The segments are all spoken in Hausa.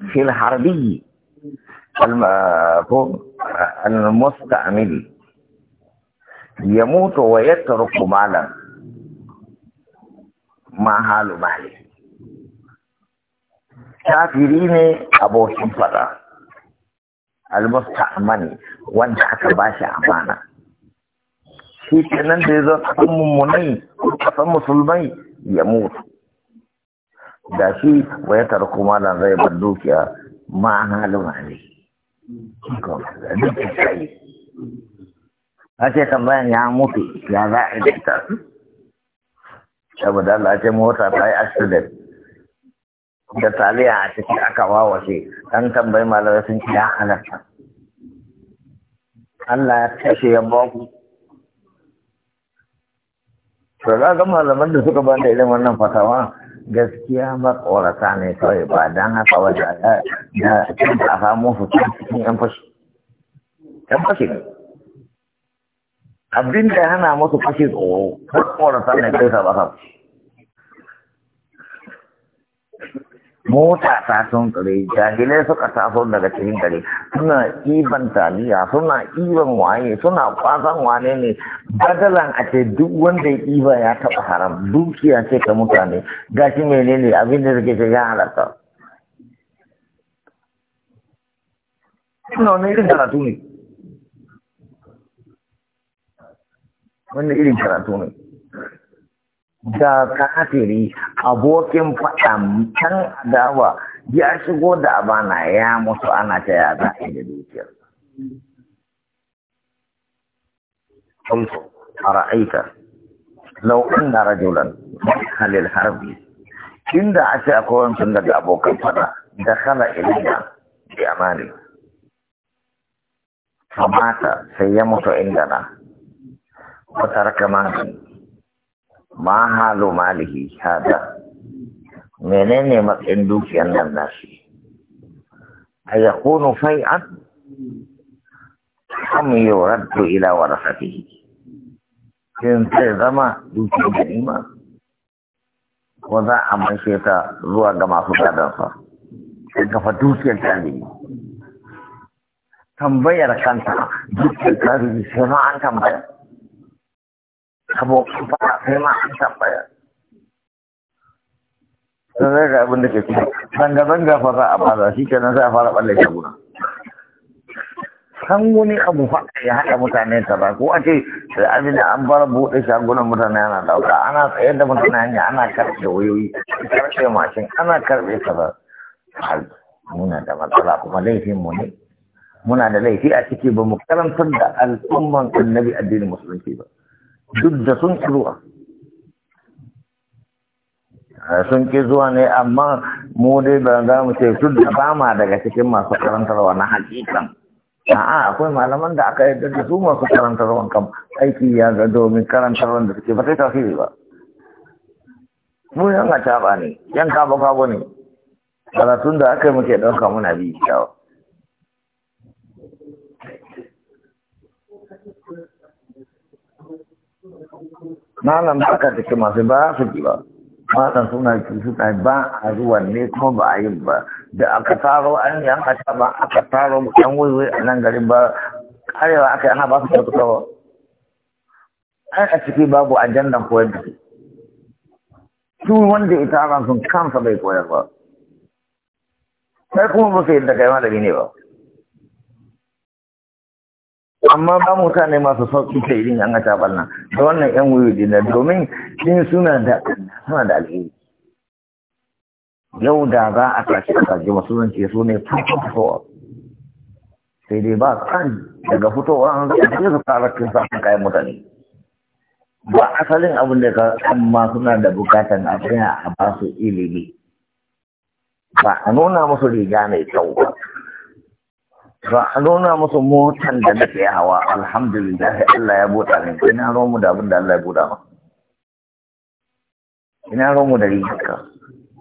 في الحربي المستعمل يموت ويترك مالا ما حال ماله kafiri ne abokin fada almusta'mani wanda aka bashi amana shi kenan da ya zo kasan mummunai musulmai ya mutu da shi waya tarko malam zai bar dukiya ma halin ne a ce tambayan ya mutu ya za a yi ta saboda Allah ce mota ta yi accident da taliya a ciki aka wawace dan tambayi malamai sun ci ya halatta Allah ya kashe ya ku. to za ga malaman da suka da ilimin wannan fatawa gaskiya makorata ne kawai ba don haka wajen da da a samu su cikin yan fashi yan fashi ne abin da hana masu fashi tsoro makorata ne kai sa ba sa fashi mota ta sun kare jahilai suka taso daga cikin gari suna iban taliya suna iban waye suna kwasan wane ne badalan a ce duk wanda ya ɗiba ya taɓa haram dukiya ce ta mutane gashi menene abin da suke shiga halatta suna wani irin karatu ne wani irin karatu ne da kafiri abokin faɗan can adawa ya shigo da abana ya mutu ana ta ya za a da a halil harbi, inda a ce akwai wani daga abokan faɗa da kala iliya da amani. Kamata sai ya mutu inda na, ba tare ma halu malihi hada menene matsayin dukiyar nan nashi a ya kunu fai'an am yuraddu ila warasatihi shin zai zama dukiyar ganima ko za a manshe ta zuwa ga masu gadansa sai kafa dukiyar tarihi tambayar kanta dukiyar tarihi sai ma an tambaya abokan fara sai ma an tambaya sun zai ga abin da ke kuma zanga-zanga fa za a baza shi kenan sai a fara balle shaguna san wani abu fa ya haɗa mutane ta ba ko a ce sai abin da an fara buɗe shagunan mutane ana ɗauka. ana tsayar da mutane hanya ana karɓe wayoyi karɓe mashin ana karɓe kaza muna da matsala kuma laifin mu ne muna da laifi a ciki ba mu karantar da al'umman annabi addinin musulunci ba duk da sun ƙi zuwa sun ƙi zuwa ne amma mu dai ba za mu ce duk da ba ma daga cikin masu karantarwa na hakikan a'a akwai malaman da aka yadda da su masu karantarwa kam aiki ya ga domin karantarwa da suke ba sai tafiye ba mu yan a ne yan kaba kabo ne karatun da aka yi muke ɗauka muna bi kyawa malam da aka take masu ba su ba matan suna ki suka ba a zuwan ne kuma ba a yi ba da aka taro an yi an kasa ba aka taro an wuri a nan garin ba karewa aka yi ana ba su kyautatawa ai a ciki babu ajandan koyar da su su wanda ya tara sun kansa bai koyar ba sai kuma ba su yadda kai malami ne ba amma ba mutane masu sauƙi ta irin an gata balna da wannan yan wuyu da domin in suna da suna da alheri yau da za a tashi a kaji zance su ne farkon fitowa sai dai ba kan daga fitowa an zai sai su fara kin sa kayan mutane ba asalin abin da ka amma suna da bukatan a tsaya a ba su ilimi ba a nuna musu riga mai kyau ba ba nuna musu motan da nake hawa alhamdulillah Allah ya buɗa ni ina romu da abin da Allah ya buɗa ma ina romu da rijiska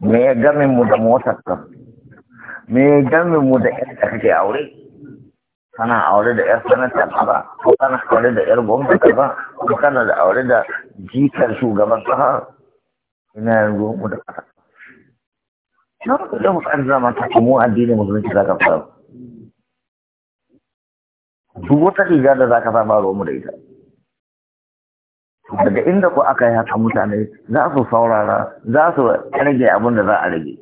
me ya game mu da motar ka me ya game mu da yadda kake aure kana aure da yar sanata ba ko kana aure da yar gwamnati ba ko kana da aure da jikar shugaban kasa ina romu da kasa na rubuta mu an zama ta mu addinin musulunci ka fara duk wata riga da za ka sa ba mu da ita daga inda ku aka yi haka mutane za su saurara za su rage abin da za a rage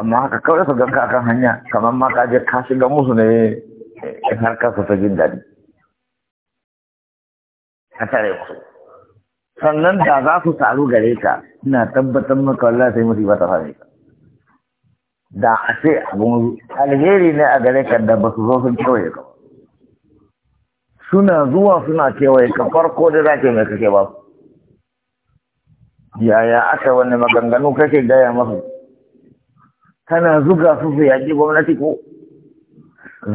amma haka kawai su ganka akan hanya kamar ma ka je ka shiga musu ne in har ka ta jin daɗi Ka tare musu sannan da za su taru gare ka ina tabbatar maka wallah sai musiba ta fahimta. da a ce abun alheri ne a gare ka da ba su zo sun kewaye ka suna zuwa suna kewaye ka farko da za ka mai kake ba yaya aka wani maganganu kake gaya masu kana zuga su su yaƙi gwamnati ko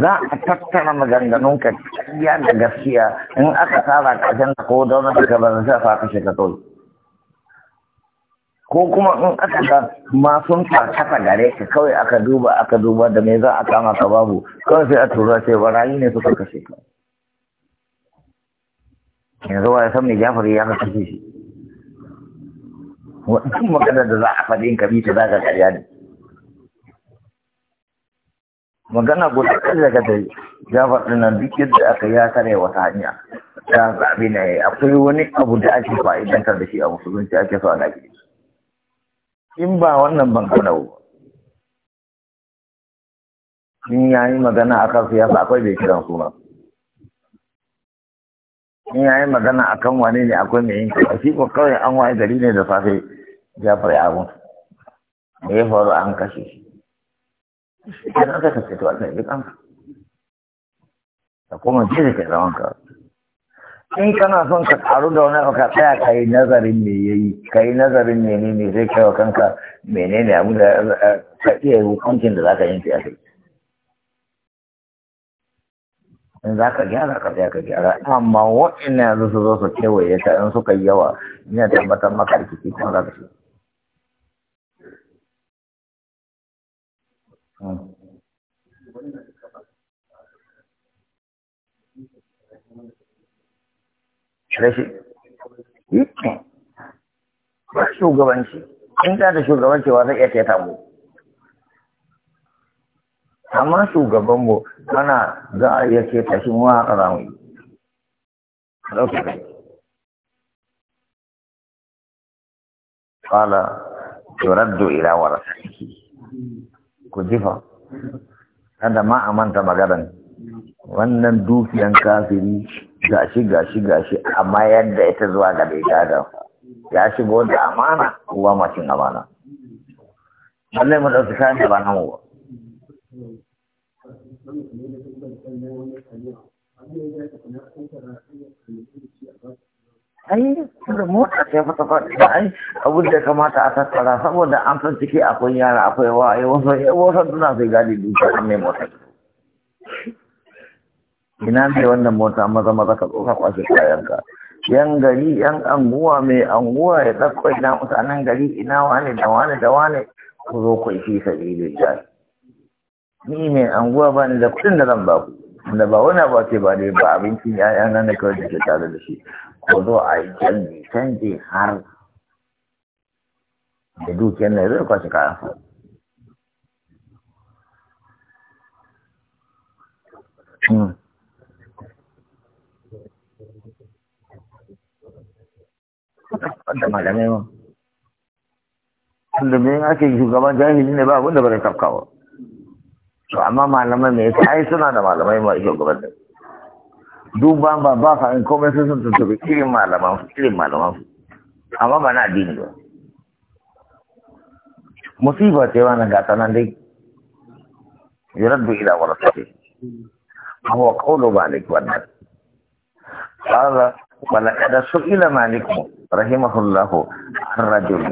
za a tattara maganganun ka gaskiya da gaskiya in aka tara ƙarshen ta ko da wani ka ba zai fa shi ka ko kuma in aka ga masun takata gare ka kawai aka duba aka duba da me za a kama ka babu kawai sai a tura ce barayi ne suka kashe ka yanzu wa ya san mai jafari ya kasa shi wannan magana da za a faɗi in kabita za ka karya ne magana guda kan ka da jafar ɗin nan duk yadda aka ya kare wata hanya ta zaɓi ne akwai wani abu da ake fa'idantar da shi a musulunci ake so a gaji in ba wannan ban kana ba in yayi magana akan siyasa akwai bai kiran suna in ya yi magana a kan wane ne akwai mai yin a shi ko kawai an waye gari ne da safe jafar ya mutu me ya faru an kashe shi idan aka kashe to Allah ya kanka ka kuma je da kai zaman ka in kana son ka karu da wani ka tsaya ka yi nazarin me ya yi ka yi nazarin menene zai kai wa kanka menene abu da eh, ka iya hukuncin da za ka yanke a kai in za ka gyara ka ka gyara amma waɗanda yanzu su zo su kewaye ta in suka yi yawa ina matan maka rikici kan za ka hmm. shi ba shugabanci in ta da shugabanci wa zai iya taita mu amma shugaban mu ana za a iya ce tashi mu haka za mu yi kala ila ku jifa kada ma a manta magadan wannan dukiyan kafiri gashi gashi gashi amma yadda ita zuwa ga bai gada ya shigo da amana uwa macin amana Wannan mu ɗauki kayan da ba mu ba tun da mota sai fata faɗi ba ai abin da kamata a tattara saboda an san ciki akwai yara akwai wa waye wasu wasu suna sai gadi duka an mai mota ina ne wannan mota maza maza ka tsoka kwashe kayan ka yan gari yan anguwa mai anguwa ya ɗauko ina mutanen gari ina wane da wane da wane ku zo ku fi sabi jari ni mai anguwa ba ni da kuɗin da zan ba ku da ba wani ba ce ba dai ba abincin ya'ya na ne kawai da ke tare da shi ko zo a yi canji canji har da dukiyar na zai kwace hmm. malamai mai ake shugaban jahili ne ba abinda ba kafkawa. to amma malamai mai yasa suna da malamai mai yake gwamnati duk ba ba fa in komai sai sun tuntubi irin malaman su malaman amma ba na addini ba musiba ce wannan gata nan dai yuraddu ila warasati هو قول مالك والنبي قال ولقد سئل مالك رحمه الله عن رجل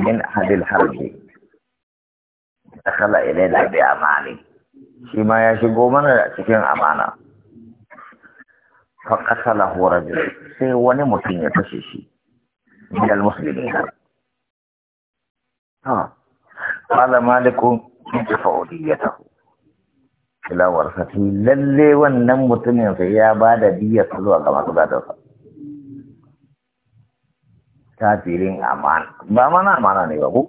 من أهل الحرب dakhala ilaina bi amani shi ma ya shigo mana cikin amana fa qatalahu rajul sai wani mutum ya kashe shi min al-muslimin ha qala maliku fa'udiyatahu ila warasati lalle wannan mutumin sai ya ba da diya zuwa ga masu gadarsa kafirin amana ba mana amana ne ba ku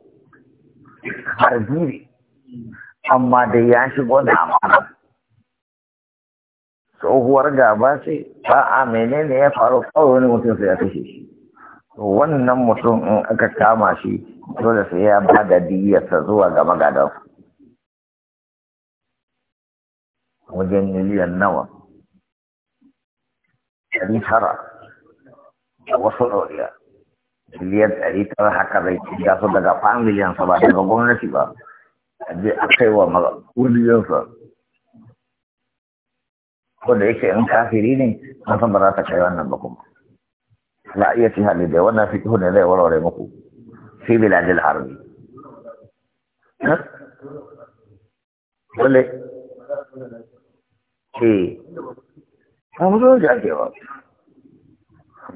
harbi amma dai ya shigo da amana tsohuwar gaba ce ba a menene ya faru kawai wani mutum sai ya kashe shi wannan mutum in aka kama shi dole sai ya ba da diyarsa zuwa ga magadan wajen miliyan nawa ɗari tara da wasu ɗauriya miliyan ɗari tara haka zai ci gasu daga miliyan ba daga gwamnati ba a je a kai wa Ko wanda yake in kafiri ne san ba za ta kai wannan ba kuma la iya ci hali da wannan fikihu ne zai warware muku fi biladil harbi wale ke a musu da ake ba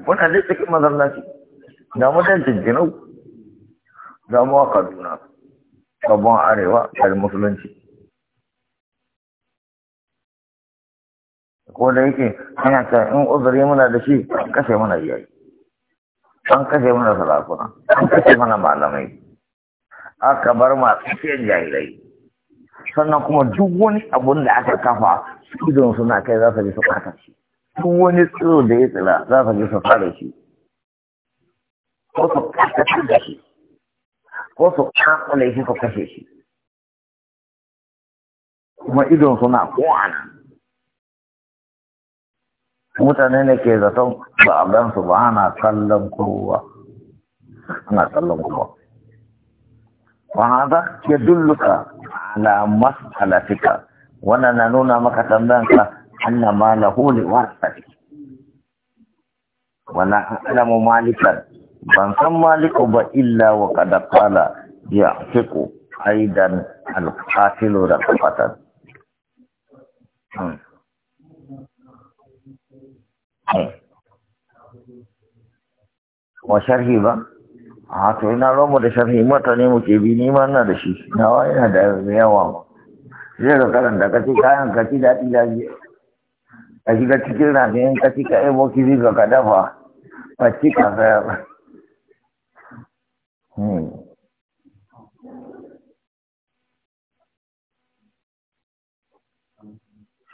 wannan zai cikin mazallaci da mutan jinjinau da mawa kaduna babban arewa da musulunci ko da yake ana ta in uzuri muna da shi an kashe mana iyayi an kashe mana salakuna an kashe mana malamai aka bar ma cikin jahilai sannan kuma duk wani abun da aka kafa don suna kai za su ji su kata shi duk wani tsiro da ya tsira za su ji su fara shi ko su kata shi da shi ko su kakule shi ka kashe shi kuma idon na ko ana mutane ne ke zaton ba a gan su ba ana kallon kowa ana kallon kowa ba haza ya dulluka ala masalatika wannan na nuna maka tambayan ka anna ma lahu liwasati wala a'lamu malikan ban san maliku ba illa wa kada kala ya fiku aidan alkatilu da kafatan hmm. hmm. wa sharhi ba a to ina romu da sharhi mata ne muke bi ni ma na da shi nawa yana da yawa ma zai ga karanta kaci ce kayan ka ci daɗi lafiya a shiga cikin rafin kaci ci ka ebo kizi ka ka dafa ba ci ka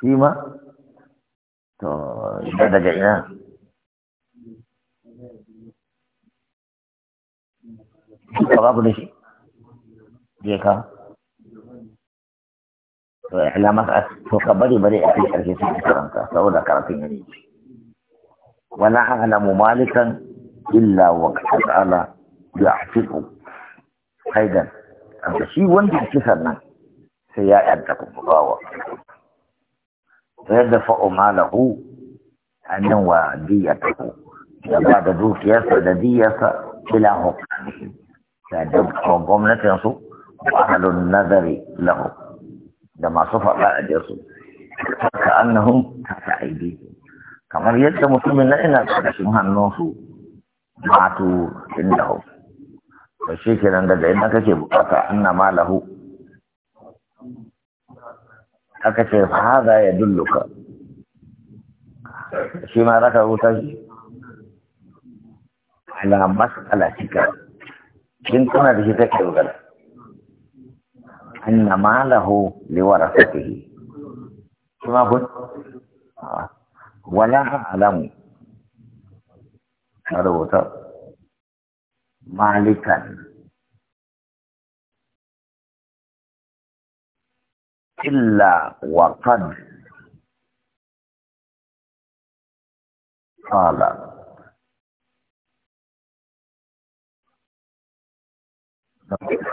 shi ma to da daga ina ba babu da shi je ka to ila maka to ka bari bari a cikin ƙarshe sun karanta saboda karatun yanzu wala a'lamu malikan illa wa ta'ala hafiku haidan amma shi wanda yake sannan sai ya yarda ku bawa da fa’o malahu a nan wa diya ku da ba da dukiyarsa da diyarsa ila hukamihi da dukkan gwamnatinsu ba halin nazari lahu da masu faɗa a jesu ka annahun ta sa kamar yadda mutumin na ina ƙarshen hannunsu ma to inda hau da shi daga ina kake bukata annama lahu aka ce haza ya dulluka shi ma za ka rubuta shi ala mas'ala cika kin tuna da shi take magana anna malahu liwarasatihi shi ma kun wala a'lamu ka rubuta malikan إلا وقد قال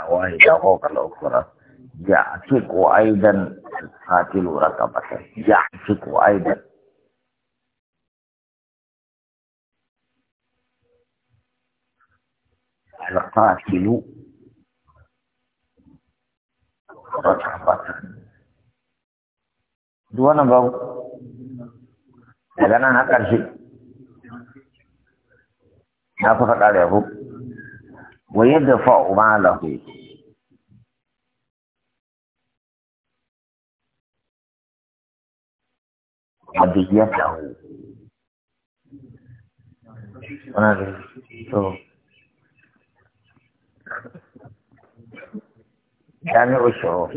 وهي فوق الأخرى يعتق أيضا القاتل رقبته يعتق أيضا القاتل رقبة duk wannan babu daga nan har ƙarshe na fi faɗa da yabo wa yadda fa'u ma lahu wa diyatahu wannan da to jami'u